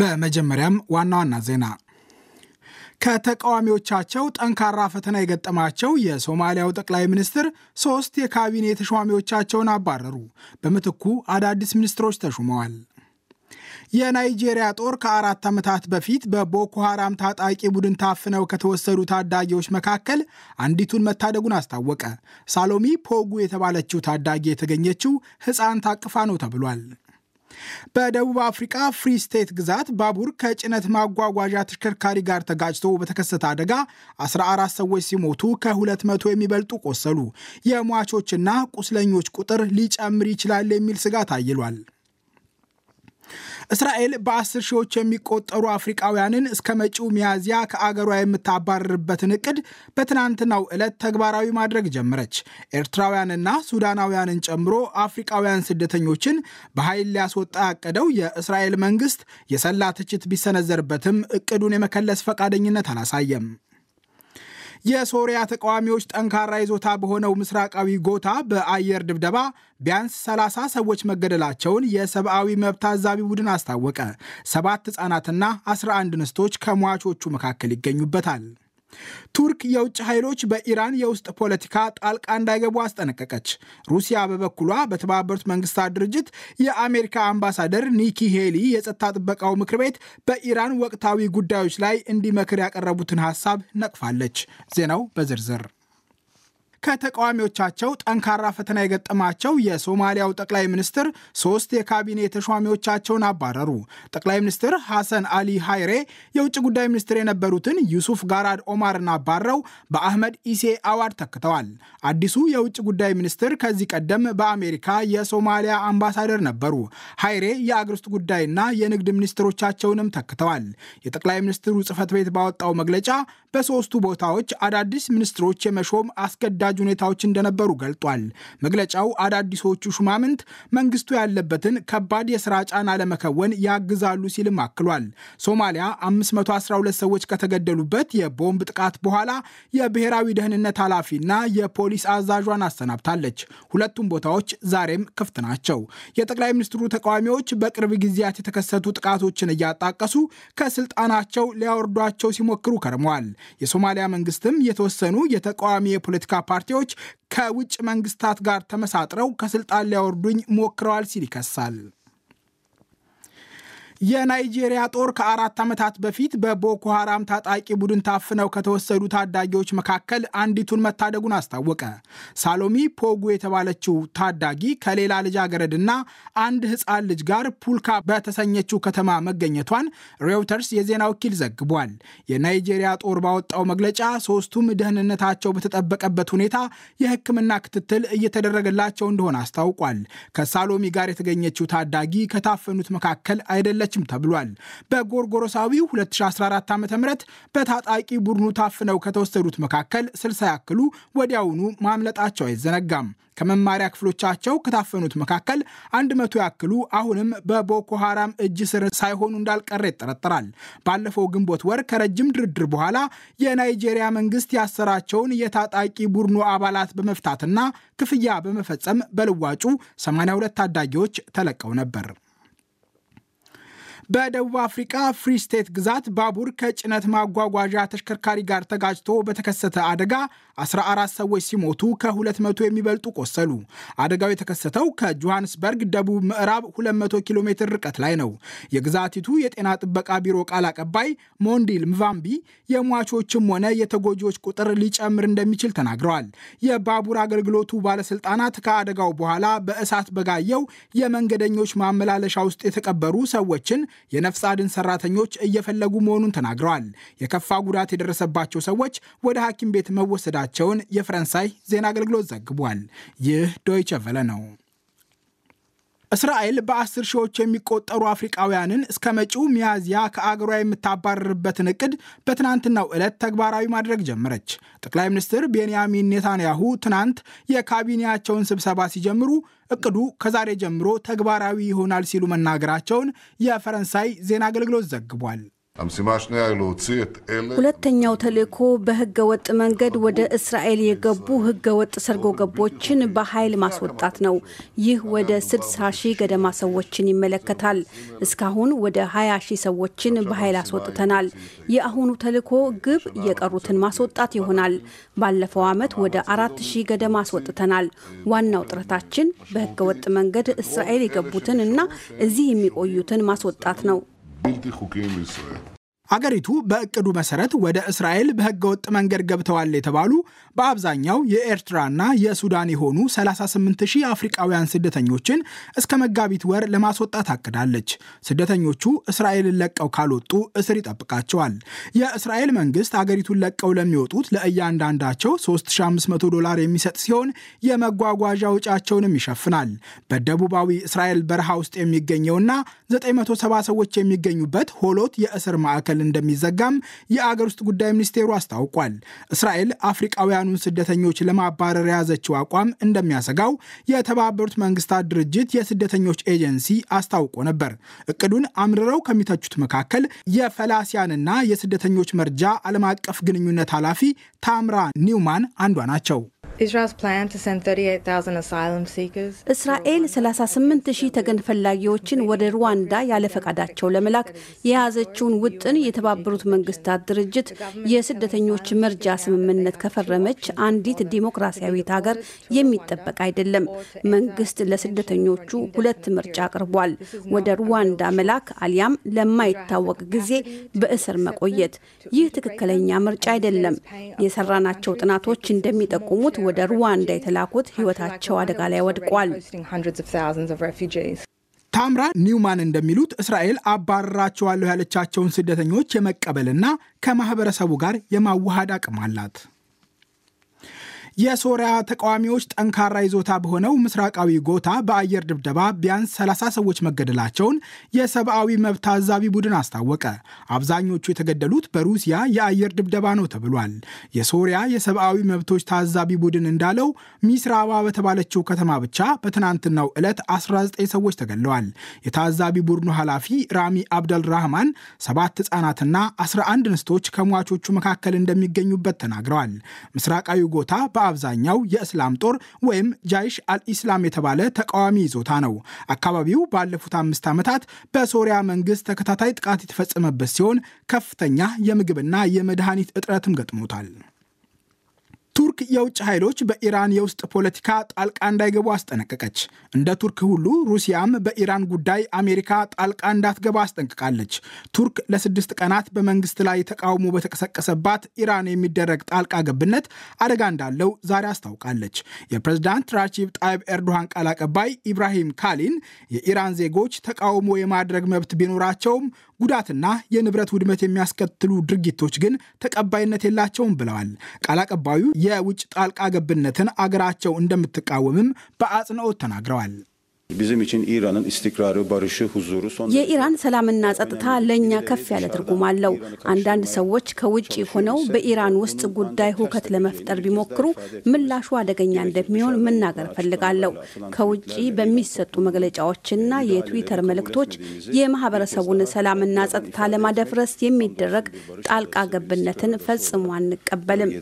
በመጀመሪያም ዋና ዋና ዜና ከተቃዋሚዎቻቸው ጠንካራ ፈተና የገጠማቸው የሶማሊያው ጠቅላይ ሚኒስትር ሶስት የካቢኔ ተሿሚዎቻቸውን አባረሩ። በምትኩ አዳዲስ ሚኒስትሮች ተሹመዋል። የናይጄሪያ ጦር ከአራት ዓመታት በፊት በቦኮ ሐራም ታጣቂ ቡድን ታፍነው ከተወሰዱ ታዳጊዎች መካከል አንዲቱን መታደጉን አስታወቀ። ሳሎሚ ፖጉ የተባለችው ታዳጊ የተገኘችው ሕፃን ታቅፋ ነው ተብሏል። በደቡብ አፍሪካ ፍሪ ስቴት ግዛት ባቡር ከጭነት ማጓጓዣ ተሽከርካሪ ጋር ተጋጭቶ በተከሰተ አደጋ 14 ሰዎች ሲሞቱ ከ200 የሚበልጡ ቆሰሉ። የሟቾችና ቁስለኞች ቁጥር ሊጨምር ይችላል የሚል ስጋት አይሏል። እስራኤል በአስር ሺዎች የሚቆጠሩ አፍሪቃውያንን እስከ መጪው ሚያዝያ ከአገሯ የምታባረርበትን እቅድ በትናንትናው ዕለት ተግባራዊ ማድረግ ጀመረች። ኤርትራውያንና ሱዳናውያንን ጨምሮ አፍሪቃውያን ስደተኞችን በኃይል ሊያስወጣ ያቀደው የእስራኤል መንግስት የሰላ ትችት ቢሰነዘርበትም እቅዱን የመከለስ ፈቃደኝነት አላሳየም። የሶሪያ ተቃዋሚዎች ጠንካራ ይዞታ በሆነው ምስራቃዊ ጎታ በአየር ድብደባ ቢያንስ 30 ሰዎች መገደላቸውን የሰብአዊ መብት አዛቢ ቡድን አስታወቀ። ሰባት ሕፃናትና 11 እንስቶች ከሟቾቹ መካከል ይገኙበታል። ቱርክ የውጭ ኃይሎች በኢራን የውስጥ ፖለቲካ ጣልቃ እንዳይገቡ አስጠነቀቀች። ሩሲያ በበኩሏ በተባበሩት መንግስታት ድርጅት የአሜሪካ አምባሳደር ኒኪ ሄሊ የጸጥታ ጥበቃው ምክር ቤት በኢራን ወቅታዊ ጉዳዮች ላይ እንዲመክር ያቀረቡትን ሀሳብ ነቅፋለች። ዜናው በዝርዝር ከተቃዋሚዎቻቸው ጠንካራ ፈተና የገጠማቸው የሶማሊያው ጠቅላይ ሚኒስትር ሶስት የካቢኔ ተሿሚዎቻቸውን አባረሩ። ጠቅላይ ሚኒስትር ሐሰን አሊ ሃይሬ የውጭ ጉዳይ ሚኒስትር የነበሩትን ዩሱፍ ጋራድ ኦማርን አባረው በአህመድ ኢሴ አዋድ ተክተዋል። አዲሱ የውጭ ጉዳይ ሚኒስትር ከዚህ ቀደም በአሜሪካ የሶማሊያ አምባሳደር ነበሩ። ሃይሬ የአገር ጉዳይና የንግድ ሚኒስትሮቻቸውንም ተክተዋል። የጠቅላይ ሚኒስትሩ ጽህፈት ቤት ባወጣው መግለጫ በሶስቱ ቦታዎች አዳዲስ ሚኒስትሮች የመሾም አስገዳ አስገዳጅ ሁኔታዎች እንደነበሩ ገልጧል። መግለጫው አዳዲሶቹ ሹማምንት መንግስቱ ያለበትን ከባድ የስራ ጫና ለመከወን ያግዛሉ ሲልም አክሏል። ሶማሊያ 512 ሰዎች ከተገደሉበት የቦምብ ጥቃት በኋላ የብሔራዊ ደህንነት ኃላፊና የፖሊስ አዛዧን አሰናብታለች። ሁለቱም ቦታዎች ዛሬም ክፍት ናቸው። የጠቅላይ ሚኒስትሩ ተቃዋሚዎች በቅርብ ጊዜያት የተከሰቱ ጥቃቶችን እያጣቀሱ ከስልጣናቸው ሊያወርዷቸው ሲሞክሩ ከርመዋል። የሶማሊያ መንግስትም የተወሰኑ የተቃዋሚ የፖለቲካ ፓርቲዎች ከውጭ መንግስታት ጋር ተመሳጥረው ከስልጣን ሊያወርዱኝ ሞክረዋል ሲል ይከሳል። የናይጄሪያ ጦር ከአራት ዓመታት በፊት በቦኮ ሃራም ታጣቂ ቡድን ታፍነው ከተወሰዱ ታዳጊዎች መካከል አንዲቱን መታደጉን አስታወቀ። ሳሎሚ ፖጉ የተባለችው ታዳጊ ከሌላ ልጃገረድና አንድ ሕፃን ልጅ ጋር ፑልካ በተሰኘችው ከተማ መገኘቷን ሬውተርስ የዜና ወኪል ዘግቧል። የናይጄሪያ ጦር ባወጣው መግለጫ ሦስቱም ደህንነታቸው በተጠበቀበት ሁኔታ የሕክምና ክትትል እየተደረገላቸው እንደሆነ አስታውቋል። ከሳሎሚ ጋር የተገኘችው ታዳጊ ከታፈኑት መካከል አይደለች አልቻለችም ተብሏል። በጎርጎሮሳዊው 2014 ዓ ም በታጣቂ ቡድኑ ታፍነው ከተወሰዱት መካከል ስልሳ ያክሉ ወዲያውኑ ማምለጣቸው አይዘነጋም። ከመማሪያ ክፍሎቻቸው ከታፈኑት መካከል አንድ መቶ ያክሉ አሁንም በቦኮ እጅ ስር ሳይሆኑ እንዳልቀረ ይጠረጠራል። ባለፈው ግንቦት ወር ከረጅም ድርድር በኋላ የናይጄሪያ መንግስት ያሰራቸውን የታጣቂ ቡድኑ አባላት በመፍታትና ክፍያ በመፈጸም በልዋጩ 82 ታዳጊዎች ተለቀው ነበር። በደቡብ አፍሪካ ፍሪ ስቴት ግዛት ባቡር ከጭነት ማጓጓዣ ተሽከርካሪ ጋር ተጋጭቶ በተከሰተ አደጋ 14 ሰዎች ሲሞቱ ከ200 የሚበልጡ ቆሰሉ። አደጋው የተከሰተው ከጆሃንስበርግ ደቡብ ምዕራብ 200 ኪሎ ሜትር ርቀት ላይ ነው። የግዛቲቱ የጤና ጥበቃ ቢሮ ቃል አቀባይ ሞንዲል ምቫምቢ የሟቾችም ሆነ የተጎጂዎች ቁጥር ሊጨምር እንደሚችል ተናግረዋል። የባቡር አገልግሎቱ ባለስልጣናት ከአደጋው በኋላ በእሳት በጋየው የመንገደኞች ማመላለሻ ውስጥ የተቀበሩ ሰዎችን የነፍስ አድን ሰራተኞች እየፈለጉ መሆኑን ተናግረዋል። የከፋ ጉዳት የደረሰባቸው ሰዎች ወደ ሐኪም ቤት መወሰዳቸውን የፈረንሳይ ዜና አገልግሎት ዘግቧል። ይህ ዶይቸ ቨለ ነው። እስራኤል በአስር ሺዎች የሚቆጠሩ አፍሪቃውያንን እስከ መጪው ሚያዝያ ከአገሯ የምታባረርበትን እቅድ በትናንትናው ዕለት ተግባራዊ ማድረግ ጀመረች። ጠቅላይ ሚኒስትር ቤንያሚን ኔታንያሁ ትናንት የካቢኔያቸውን ስብሰባ ሲጀምሩ እቅዱ ከዛሬ ጀምሮ ተግባራዊ ይሆናል ሲሉ መናገራቸውን የፈረንሳይ ዜና አገልግሎት ዘግቧል። ሁለተኛው ተልእኮ በህገ ወጥ መንገድ ወደ እስራኤል የገቡ ህገ ወጥ ሰርጎ ገቦችን በኃይል ማስወጣት ነው። ይህ ወደ 60 ሺህ ገደማ ሰዎችን ይመለከታል። እስካሁን ወደ 20 ሺህ ሰዎችን በኃይል አስወጥተናል። የአሁኑ ተልእኮ ግብ የቀሩትን ማስወጣት ይሆናል። ባለፈው ዓመት ወደ አራት ሺህ ገደማ አስወጥተናል። ዋናው ጥረታችን በህገ ወጥ መንገድ እስራኤል የገቡትን እና እዚህ የሚቆዩትን ማስወጣት ነው። בלתי חוקיים בישראל. አገሪቱ በእቅዱ መሰረት ወደ እስራኤል በህገወጥ መንገድ ገብተዋል የተባሉ በአብዛኛው የኤርትራና የሱዳን የሆኑ 38,000 አፍሪቃውያን ስደተኞችን እስከ መጋቢት ወር ለማስወጣት አቅዳለች። ስደተኞቹ እስራኤልን ለቀው ካልወጡ እስር ይጠብቃቸዋል። የእስራኤል መንግስት አገሪቱን ለቀው ለሚወጡት ለእያንዳንዳቸው 3500 ዶላር የሚሰጥ ሲሆን የመጓጓዣ ውጫቸውንም ይሸፍናል። በደቡባዊ እስራኤል በረሃ ውስጥ የሚገኘውና 970 ሰዎች የሚገኙበት ሆሎት የእስር ማዕከል ማዕከል እንደሚዘጋም የአገር ውስጥ ጉዳይ ሚኒስቴሩ አስታውቋል። እስራኤል አፍሪቃውያኑን ስደተኞች ለማባረር የያዘችው አቋም እንደሚያሰጋው የተባበሩት መንግስታት ድርጅት የስደተኞች ኤጀንሲ አስታውቆ ነበር። እቅዱን አምርረው ከሚተቹት መካከል የፈላሲያንና የስደተኞች መርጃ ዓለም አቀፍ ግንኙነት ኃላፊ ታምራ ኒውማን አንዷ ናቸው። እስራኤል 38 ሺህ ተገን ፈላጊዎችን ወደ ሩዋንዳ ያለ ፈቃዳቸው ለመላክ የያዘችውን ውጥን የተባበሩት መንግስታት ድርጅት የስደተኞች መርጃ ስምምነት ከፈረመች አንዲት ዲሞክራሲያዊት ሀገር የሚጠበቅ አይደለም። መንግስት ለስደተኞቹ ሁለት ምርጫ አቅርቧል። ወደ ሩዋንዳ መላክ አሊያም ለማይታወቅ ጊዜ በእስር መቆየት። ይህ ትክክለኛ ምርጫ አይደለም። የሰራናቸው ጥናቶች እንደሚጠቁሙት ወደ ሩዋንዳ የተላኩት ሕይወታቸው አደጋ ላይ ወድቋል። ታምራ ኒውማን እንደሚሉት እስራኤል አባረራቸዋለሁ ያለቻቸውን ስደተኞች የመቀበልና ከማህበረሰቡ ጋር የማዋሃድ አቅም አላት። የሶሪያ ተቃዋሚዎች ጠንካራ ይዞታ በሆነው ምስራቃዊ ጎታ በአየር ድብደባ ቢያንስ 30 ሰዎች መገደላቸውን የሰብአዊ መብት ታዛቢ ቡድን አስታወቀ። አብዛኞቹ የተገደሉት በሩሲያ የአየር ድብደባ ነው ተብሏል። የሶሪያ የሰብአዊ መብቶች ታዛቢ ቡድን እንዳለው ሚስራባ በተባለችው ከተማ ብቻ በትናንትናው ዕለት 19 ሰዎች ተገድለዋል። የታዛቢ ቡድኑ ኃላፊ ራሚ አብደልራህማን ሰባት ህጻናትና 11 እንስቶች ከሟቾቹ መካከል እንደሚገኙበት ተናግረዋል። ምስራቃዊ ጎታ በአብዛኛው የእስላም ጦር ወይም ጃይሽ አልኢስላም የተባለ ተቃዋሚ ይዞታ ነው። አካባቢው ባለፉት አምስት ዓመታት በሶሪያ መንግስት ተከታታይ ጥቃት የተፈጸመበት ሲሆን ከፍተኛ የምግብና የመድኃኒት እጥረትም ገጥሞታል። ቱርክ የውጭ ኃይሎች በኢራን የውስጥ ፖለቲካ ጣልቃ እንዳይገቡ አስጠነቀቀች። እንደ ቱርክ ሁሉ ሩሲያም በኢራን ጉዳይ አሜሪካ ጣልቃ እንዳትገባ አስጠንቅቃለች። ቱርክ ለስድስት ቀናት በመንግስት ላይ ተቃውሞ በተቀሰቀሰባት ኢራን የሚደረግ ጣልቃ ገብነት አደጋ እንዳለው ዛሬ አስታውቃለች። የፕሬዝዳንት ራጂብ ጣይብ ኤርዶሃን ቃል አቀባይ ኢብራሂም ካሊን የኢራን ዜጎች ተቃውሞ የማድረግ መብት ቢኖራቸውም ጉዳትና የንብረት ውድመት የሚያስከትሉ ድርጊቶች ግን ተቀባይነት የላቸውም ብለዋል። ቃል አቀባዩ የውጭ ጣልቃ ገብነትን አገራቸው እንደምትቃወምም በአጽንኦት ተናግረዋል። የኢራን ሰላምና ጸጥታ ለእኛ ከፍ ያለ ትርጉም አለው። አንዳንድ ሰዎች ከውጭ ሆነው በኢራን ውስጥ ጉዳይ ሁከት ለመፍጠር ቢሞክሩ ምላሹ አደገኛ እንደሚሆን መናገር እፈልጋለሁ። ከውጭ በሚሰጡ መግለጫዎችና የትዊተር መልእክቶች የማህበረሰቡን ሰላምና ጸጥታ ለማደፍረስ የሚደረግ ጣልቃ ገብነትን ፈጽሞ አንቀበልም።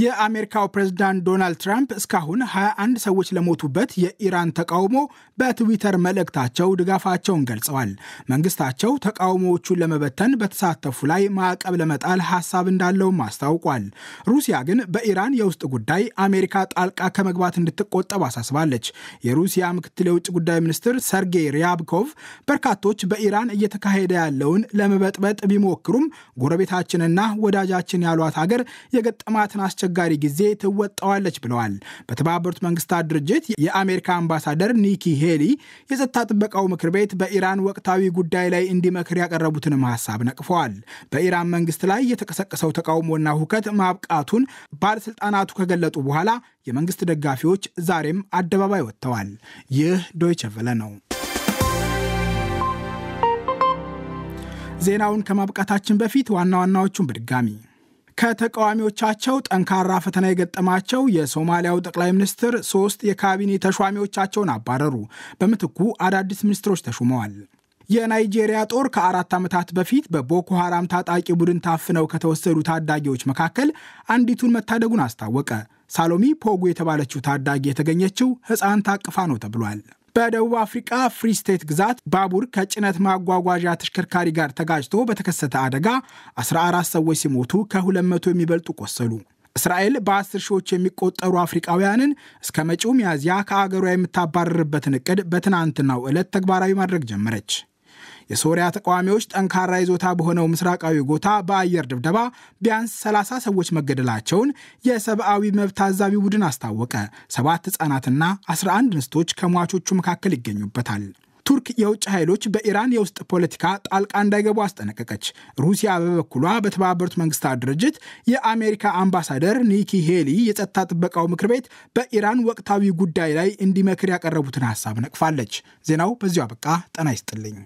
የአሜሪካው ፕሬዝዳንት ዶናልድ ትራምፕ እስካሁን 21 ሰዎች ለሞቱበት የኢራን ተቃውሞ በትዊተር መልእክታቸው ድጋፋቸውን ገልጸዋል። መንግስታቸው ተቃውሞዎቹን ለመበተን በተሳተፉ ላይ ማዕቀብ ለመጣል ሀሳብ እንዳለውም አስታውቋል። ሩሲያ ግን በኢራን የውስጥ ጉዳይ አሜሪካ ጣልቃ ከመግባት እንድትቆጠብ አሳስባለች። የሩሲያ ምክትል የውጭ ጉዳይ ሚኒስትር ሰርጌይ ሪያብኮቭ በርካቶች በኢራን እየተካሄደ ያለውን ለመበጥበጥ ቢሞክሩም ጎረቤታችንና ወዳጃችን ያሏት ሀገር የገጠማትን አስቸጋሪ ጊዜ ትወጣዋለች ብለዋል። በተባበሩት መንግስታት ድርጅት የአሜሪካ አምባሳደር ኒኪ ሄሊ የጸጥታ ጥበቃው ምክር ቤት በኢራን ወቅታዊ ጉዳይ ላይ እንዲመክር ያቀረቡትንም ሀሳብ ነቅፈዋል። በኢራን መንግስት ላይ የተቀሰቀሰው ተቃውሞና ሁከት ማብቃቱን ባለስልጣናቱ ከገለጡ በኋላ የመንግስት ደጋፊዎች ዛሬም አደባባይ ወጥተዋል። ይህ ዶይቸ ነው። ዜናውን ከማብቃታችን በፊት ዋና ዋናዎቹን በድጋሚ ከተቃዋሚዎቻቸው ጠንካራ ፈተና የገጠማቸው የሶማሊያው ጠቅላይ ሚኒስትር ሶስት የካቢኔ ተሿሚዎቻቸውን አባረሩ። በምትኩ አዳዲስ ሚኒስትሮች ተሹመዋል። የናይጄሪያ ጦር ከአራት ዓመታት በፊት በቦኮ ሐራም ታጣቂ ቡድን ታፍነው ከተወሰዱ ታዳጊዎች መካከል አንዲቱን መታደጉን አስታወቀ። ሳሎሚ ፖጉ የተባለችው ታዳጊ የተገኘችው ሕፃን ታቅፋ ነው ተብሏል። በደቡብ አፍሪቃ ፍሪ ስቴት ግዛት ባቡር ከጭነት ማጓጓዣ ተሽከርካሪ ጋር ተጋጅቶ በተከሰተ አደጋ 14 ሰዎች ሲሞቱ ከ200 የሚበልጡ ቆሰሉ። እስራኤል በአስር ሺዎች የሚቆጠሩ አፍሪቃውያንን እስከ መጪው ሚያዝያ ከአገሯ የምታባረርበትን ዕቅድ በትናንትናው ዕለት ተግባራዊ ማድረግ ጀመረች። የሶሪያ ተቃዋሚዎች ጠንካራ ይዞታ በሆነው ምስራቃዊ ጎታ በአየር ድብደባ ቢያንስ 30 ሰዎች መገደላቸውን የሰብአዊ መብት ታዛቢ ቡድን አስታወቀ። ሰባት ሕፃናትና 11 እንስቶች ከሟቾቹ መካከል ይገኙበታል። ቱርክ የውጭ ኃይሎች በኢራን የውስጥ ፖለቲካ ጣልቃ እንዳይገቡ አስጠነቀቀች። ሩሲያ በበኩሏ በተባበሩት መንግስታት ድርጅት የአሜሪካ አምባሳደር ኒኪ ሄሊ የጸጥታ ጥበቃው ምክር ቤት በኢራን ወቅታዊ ጉዳይ ላይ እንዲመክር ያቀረቡትን ሀሳብ ነቅፋለች። ዜናው በዚሁ አበቃ። ጤና ይስጥልኝ።